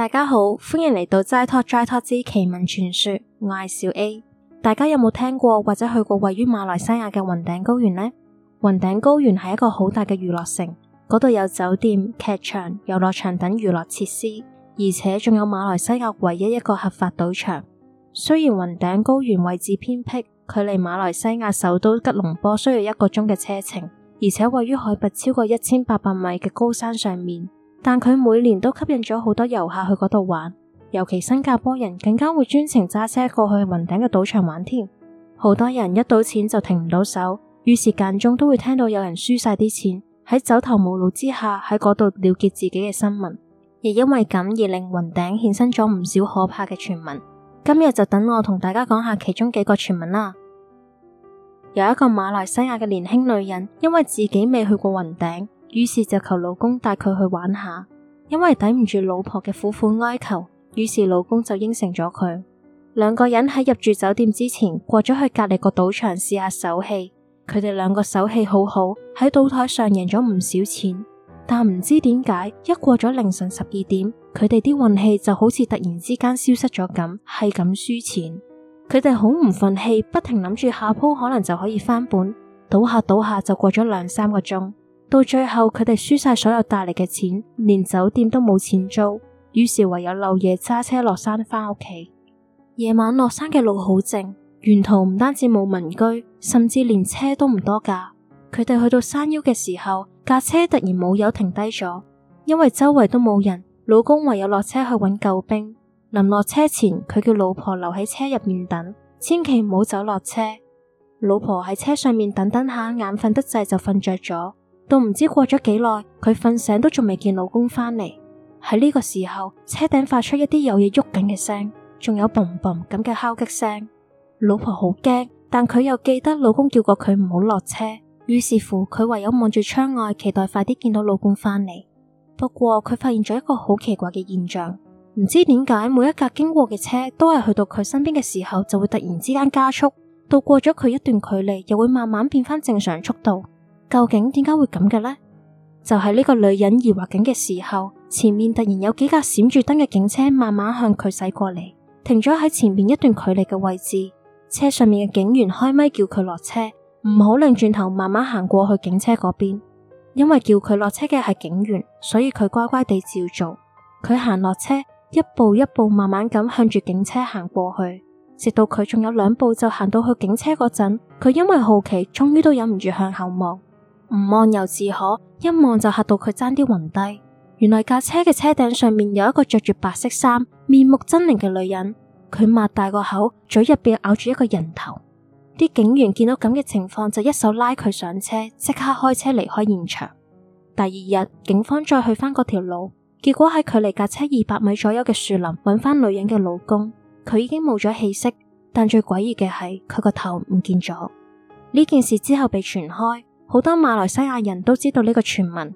大家好，歡迎嚟到齋托齋托之奇聞傳說，我係小 A。大家有冇聽過或者去過位於馬來西亞嘅雲頂高原呢？雲頂高原係一個好大嘅娛樂城，嗰度有酒店、劇場、遊樂場等娛樂設施，而且仲有馬來西亞唯一一個合法賭場。雖然雲頂高原位置偏僻，距離馬來西亞首都吉隆坡需要一個鐘嘅車程，而且位於海拔超過一千八百米嘅高山上面。但佢每年都吸引咗好多遊客去嗰度玩，尤其新加坡人更加會專程揸車過去雲頂嘅賭場玩添。好多人一賭錢就停唔到手，於是間中都會聽到有人輸晒啲錢，喺走投無路之下喺嗰度了結自己嘅新聞，亦因為咁而令雲頂衍生咗唔少可怕嘅傳聞。今日就等我同大家講下其中幾個傳聞啦。有一個馬來西亞嘅年輕女人，因為自己未去過雲頂。於是就求老公帶佢去玩下，因為抵唔住老婆嘅苦苦哀求，於是老公就應承咗佢。兩個人喺入住酒店之前，過咗去隔離個賭場試下手氣。佢哋兩個手氣好好，喺賭台上贏咗唔少錢。但唔知點解，一過咗凌晨十二點，佢哋啲運氣就好似突然之間消失咗咁，係咁輸錢。佢哋好唔忿氣，不停諗住下鋪可能就可以翻本，賭下賭下就過咗兩三個鐘。到最後佢哋輸晒所有帶嚟嘅錢，連酒店都冇錢租，於是唯有漏夜揸車落山返屋企。夜晚落山嘅路好靜，沿途唔單止冇民居，甚至連車都唔多架。佢哋去到山腰嘅時候，架車突然冇油停低咗，因為周圍都冇人，老公唯有落車去揾救兵。臨落車前，佢叫老婆留喺車入面等，千祈唔好走落車。老婆喺車上面等等下，眼瞓得滯就瞓着咗。到唔知過咗幾耐，佢瞓醒都仲未見老公翻嚟。喺呢個時候，車頂發出一啲有嘢喐緊嘅聲，仲有嘣嘣咁嘅敲擊聲。老婆好驚，但佢又記得老公叫過佢唔好落車。於是乎，佢唯有望住窗外，期待快啲見到老公翻嚟。不過，佢發現咗一個好奇怪嘅現象，唔知點解每一架經過嘅車，都係去到佢身邊嘅時候，就會突然之間加速，到過咗佢一段距離，又會慢慢變翻正常速度。究竟點解會咁嘅呢？就係、是、呢個女人疑惑緊嘅時候，前面突然有幾架閃住燈嘅警車慢慢向佢駛過嚟，停咗喺前面一段距離嘅位置。車上面嘅警員開咪叫佢落車，唔好擰轉頭，慢慢行過去警車嗰邊。因為叫佢落車嘅係警員，所以佢乖乖地照做。佢行落車，一步一步慢慢咁向住警車行過去，直到佢仲有兩步就行到去警車嗰陣，佢因為好奇，終於都忍唔住向後望。唔望又自可，一望就吓到佢爭啲暈低。原來架車嘅車頂上面有一個着住白色衫、面目猙獰嘅女人，佢擘大個口，嘴入邊咬住一個人頭。啲警員見到咁嘅情況，就一手拉佢上車，即刻開車離開現場。第二日，警方再去翻嗰條路，結果喺距離架車二百米左右嘅樹林，揾翻女人嘅老公，佢已經冇咗氣息，但最詭異嘅係佢個頭唔見咗。呢件事之後被傳開。好多馬來西亞人都知道呢個傳聞，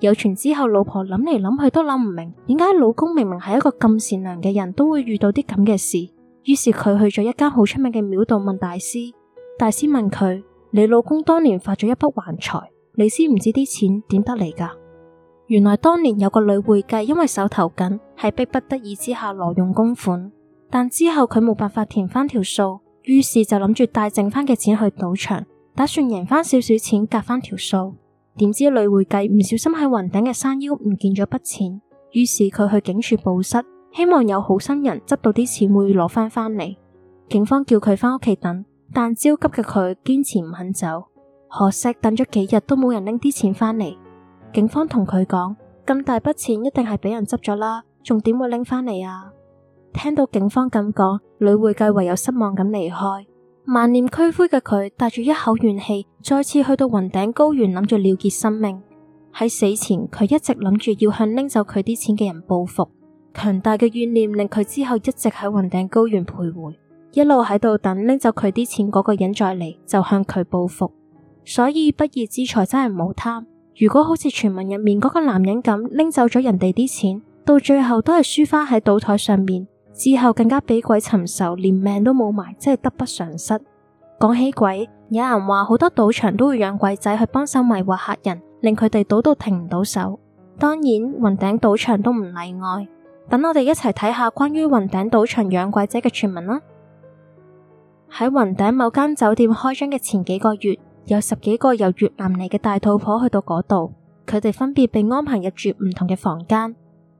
有傳之後，老婆諗嚟諗去都諗唔明，點解老公明明係一個咁善良嘅人都會遇到啲咁嘅事。於是佢去咗一間好出名嘅廟度問大師，大師問佢：你老公當年發咗一筆橫財，你知唔知啲錢點得嚟㗎？原來當年有個女會計因為手頭緊，係逼不得已之下挪用公款，但之後佢冇辦法填翻條數，於是就諗住帶剩翻嘅錢去賭場。打算贏翻少少錢，夾翻條數。點知女會計唔小心喺雲頂嘅山腰唔見咗筆錢，於是佢去警署報失，希望有好心人執到啲錢會攞翻翻嚟。警方叫佢翻屋企等，但焦急嘅佢堅持唔肯走。可惜等咗幾日都冇人拎啲錢翻嚟，警方同佢講，咁大筆錢一定係俾人執咗啦，仲點會拎翻嚟啊聽到警方咁講，女會計唯有失望咁離開。萬念俱灰嘅佢，帶住一口怨氣，再次去到雲頂高原，諗住了結生命。喺死前，佢一直諗住要向拎走佢啲錢嘅人報復。強大嘅怨念令佢之後一直喺雲頂高原徘徊，一路喺度等拎走佢啲錢嗰個人再嚟，就向佢報復。所以不義之財真係唔好貪。如果好似傳聞入面嗰個男人咁，拎走咗人哋啲錢，到最後都係輸翻喺賭台上面。之後更加俾鬼尋仇，連命都冇埋，真係得不償失。講起鬼，有人話好多賭場都會養鬼仔去幫手迷惑客人，令佢哋賭到停唔到手。當然，雲頂賭場都唔例外。等我哋一齊睇下關於雲頂賭場養鬼仔嘅傳聞啦。喺雲頂某間酒店開張嘅前幾個月，有十幾個由越南嚟嘅大肚婆去到嗰度，佢哋分別被安排入住唔同嘅房間。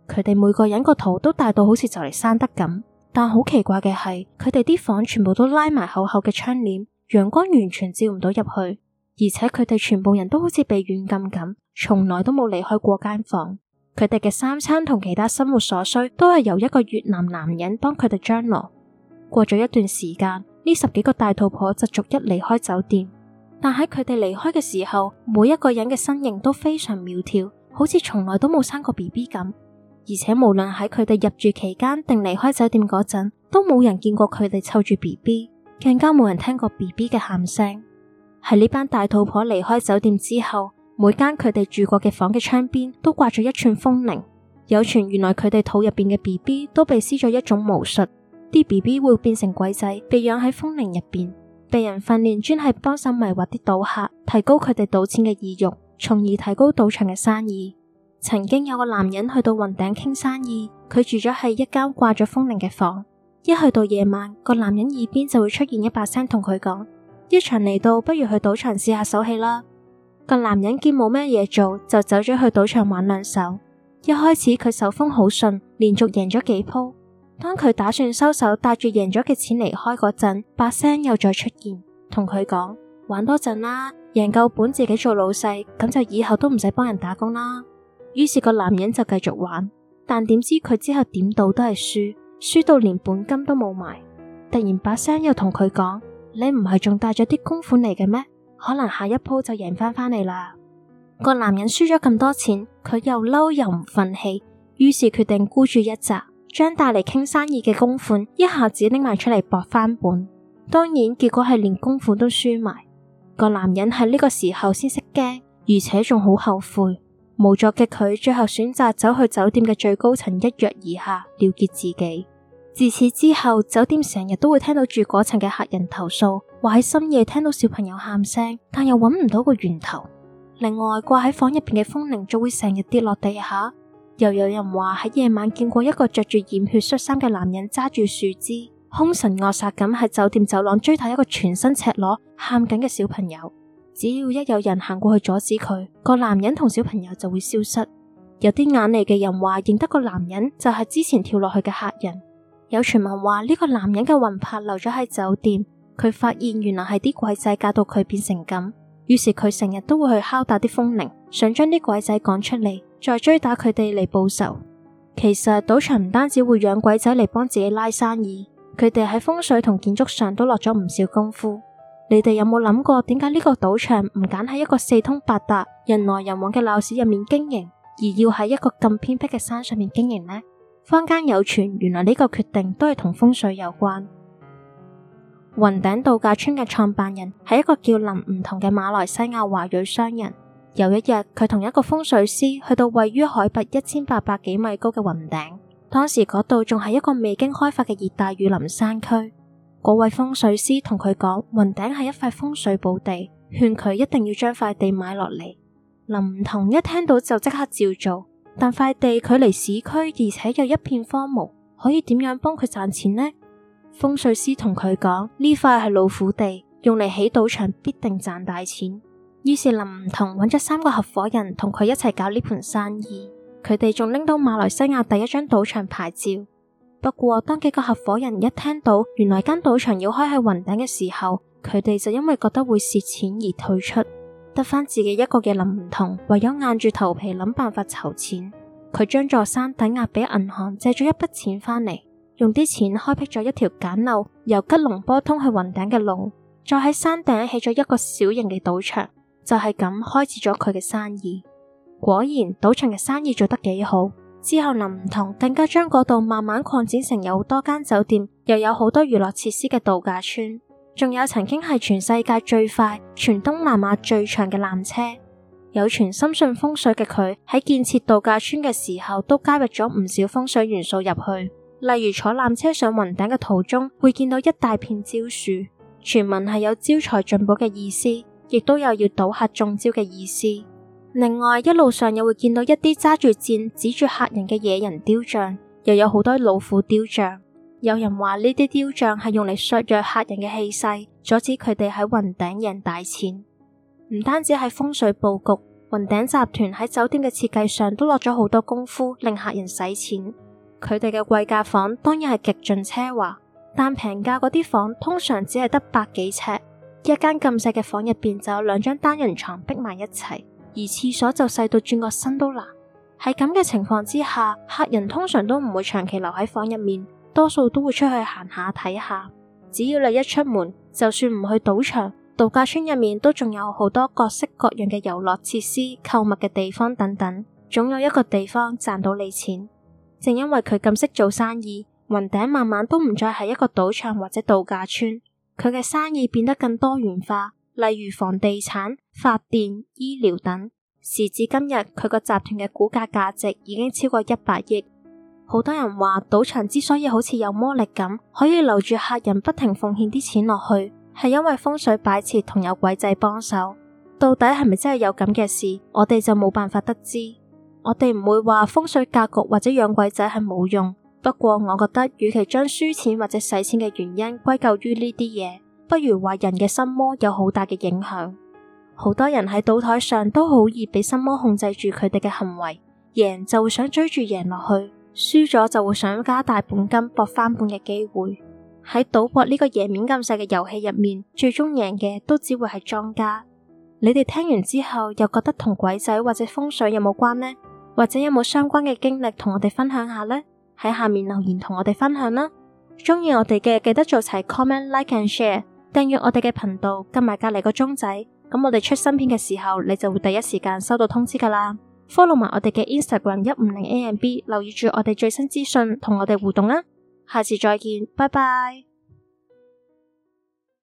佢哋每個人個肚都大到好似就嚟生得咁，但好奇怪嘅係，佢哋啲房全部都拉埋厚厚嘅窗簾，陽光完全照唔到入去，而且佢哋全部人都好似被軟禁咁，從來都冇離開過間房。佢哋嘅三餐同其他生活所需都係由一個越南男人幫佢哋張羅。過咗一段時間，呢十幾個大肚婆就逐一離開酒店，但喺佢哋離開嘅時候，每一個人嘅身形都非常苗條，好似從來都冇生過 BB 咁。而且無論喺佢哋入住期間定離開酒店嗰陣，都冇人見過佢哋湊住 B B，更加冇人聽過 B B 嘅喊聲。喺呢班大肚婆離開酒店之後，每間佢哋住過嘅房嘅窗邊都掛住一串風鈴。有傳原來佢哋肚入邊嘅 B B 都被施咗一種巫術，啲 B B 會變成鬼仔，被養喺風鈴入邊，被人訓練專係幫手迷惑啲賭客，提高佢哋賭錢嘅意欲，從而提高賭場嘅生意。曾經有個男人去到雲頂傾生意，佢住咗喺一間掛咗風鈴嘅房。一去到夜晚，個男人耳邊就會出現一把聲同佢講：一場嚟到，不如去賭場試下手氣啦。個男人見冇咩嘢做，就走咗去賭場玩兩手。一開始佢手風好順，連續贏咗幾鋪。當佢打算收手帶贏，帶住贏咗嘅錢離開嗰陣，把聲又再出現，同佢講：玩多陣啦，贏夠本自己做老細，咁就以後都唔使幫人打工啦。於是個男人就繼續玩，但點知佢之後點賭都係輸，輸到連本金都冇埋。突然把聲又同佢講：你唔係仲帶咗啲公款嚟嘅咩？可能下一鋪就贏翻翻嚟啦。嗯、個男人輸咗咁多錢，佢又嬲又唔忿氣，於是決定孤注一擲，將帶嚟傾生意嘅公款一下子拎埋出嚟博翻本。當然結果係連公款都輸埋。個男人喺呢個時候先識驚，而且仲好後悔。無助嘅佢，最後選擇走去酒店嘅最高層一躍而下了結自己。自此之後，酒店成日都會聽到住嗰層嘅客人投訴，話喺深夜聽到小朋友喊聲，但又搵唔到個源頭。另外，掛喺房入邊嘅風鈴就會成日跌落地下。又有人話喺夜晚見過一個着住染血恤衫嘅男人，揸住樹枝，兇神惡煞咁喺酒店走廊追打一個全身赤裸喊緊嘅小朋友。只要一有人行過去阻止佢，個男人同小朋友就會消失。有啲眼利嘅人話認得個男人就係之前跳落去嘅客人。有傳聞話呢個男人嘅魂魄留咗喺酒店，佢發現原來係啲鬼仔搞到佢變成咁，於是佢成日都會去敲打啲風鈴，想將啲鬼仔趕出嚟，再追打佢哋嚟報仇。其實賭場唔單止會養鬼仔嚟幫自己拉生意，佢哋喺風水同建築上都落咗唔少功夫。你哋有冇諗過點解呢個賭場唔揀喺一個四通八達、人來人往嘅鬧市入面經營，而要喺一個咁偏僻嘅山上面經營呢？坊間有傳，原來呢個決定都係同風水有關。雲頂度假村嘅創辦人係一個叫林梧桐嘅馬來西亞華裔商人。有一日，佢同一個風水師去到位於海拔一千八百幾米高嘅雲頂，當時嗰度仲係一個未經開發嘅熱帶雨林山區。嗰位風水師同佢講，雲頂係一塊風水寶地，勸佢一定要將塊地買落嚟。林梧桐一聽到就即刻照做，但塊地距離市區，而且又一片荒蕪，可以點樣幫佢賺錢呢？風水師同佢講，呢塊係老虎地，用嚟起賭場必定賺大錢。於是林梧桐搵咗三個合夥人同佢一齊搞呢盤生意，佢哋仲拎到馬來西亞第一張賭場牌照。不過，當幾個合夥人一聽到原來間賭場要開喺雲頂嘅時候，佢哋就因為覺得會蝕錢而退出，得翻自己一個嘅林梧桐，唯有硬住頭皮諗辦法籌錢。佢將座山抵押俾銀行，借咗一筆錢翻嚟，用啲錢開辟咗一條簡陋由吉隆坡通去雲頂嘅路，再喺山頂起咗一個小型嘅賭場，就係咁開始咗佢嘅生意。果然，賭場嘅生意做得幾好。之後，林梧桐更加將嗰度慢慢擴展成有多間酒店，又有好多娛樂設施嘅度假村。仲有曾經係全世界最快、全東南亞最長嘅纜車。有傳深信風水嘅佢喺建設度假村嘅時候，都加入咗唔少風水元素入去。例如坐纜車上雲頂嘅途中，會見到一大片蕉樹，傳聞係有招財進寶嘅意思，亦都有要賭客中招嘅意思。另外，一路上又會見到一啲揸住箭指住客人嘅野人雕像，又有好多老虎雕像。有人話呢啲雕像係用嚟削弱客人嘅氣勢，阻止佢哋喺雲頂贏大錢。唔單止係風水布局，雲頂集團喺酒店嘅設計上都落咗好多功夫，令客人使錢。佢哋嘅貴價房當然係極盡奢華，但平價嗰啲房通常只係得百幾尺，一間咁細嘅房入邊就有兩張單人床逼埋一齊。而廁所就細到轉個身都難，喺咁嘅情況之下，客人通常都唔會長期留喺房入面，多數都會出去行下睇下。只要你一出門，就算唔去賭場、度假村入面，都仲有好多各式各樣嘅遊樂設施、購物嘅地方等等，總有一個地方賺到你錢。正因為佢咁識做生意，雲頂慢慢都唔再係一個賭場或者度假村，佢嘅生意變得更多元化。例如房地產、發電、醫療等。時至今日，佢個集團嘅股價價值已經超過一百億。好多人話賭場之所以好似有魔力咁，可以留住客人不停奉獻啲錢落去，係因為風水擺設同有鬼仔幫手。到底係咪真係有咁嘅事，我哋就冇辦法得知。我哋唔會話風水格局或者養鬼仔係冇用，不過我覺得，與其將輸錢或者使錢嘅原因歸咎於呢啲嘢。不如話人嘅心魔有好大嘅影響，好多人喺賭台上都好易俾心魔控制住佢哋嘅行為，贏就會想追住贏落去，輸咗就會想加大本金博翻本嘅機會。喺賭博呢個贏面咁細嘅遊戲入面，最終贏嘅都只會係莊家。你哋聽完之後又覺得同鬼仔或者風水有冇關呢？或者有冇相關嘅經歷同我哋分享下呢？喺下面留言同我哋分享啦！中意我哋嘅記得做齊 comment、like and share。訂閱我哋嘅頻道，撳埋隔籬個鐘仔，咁我哋出新片嘅時候，你就會第一時間收到通知㗎喇。Follow 埋我哋嘅 Instagram 150 AMB，留意住我哋最新資訊，同我哋互動啦。下次再見，拜拜。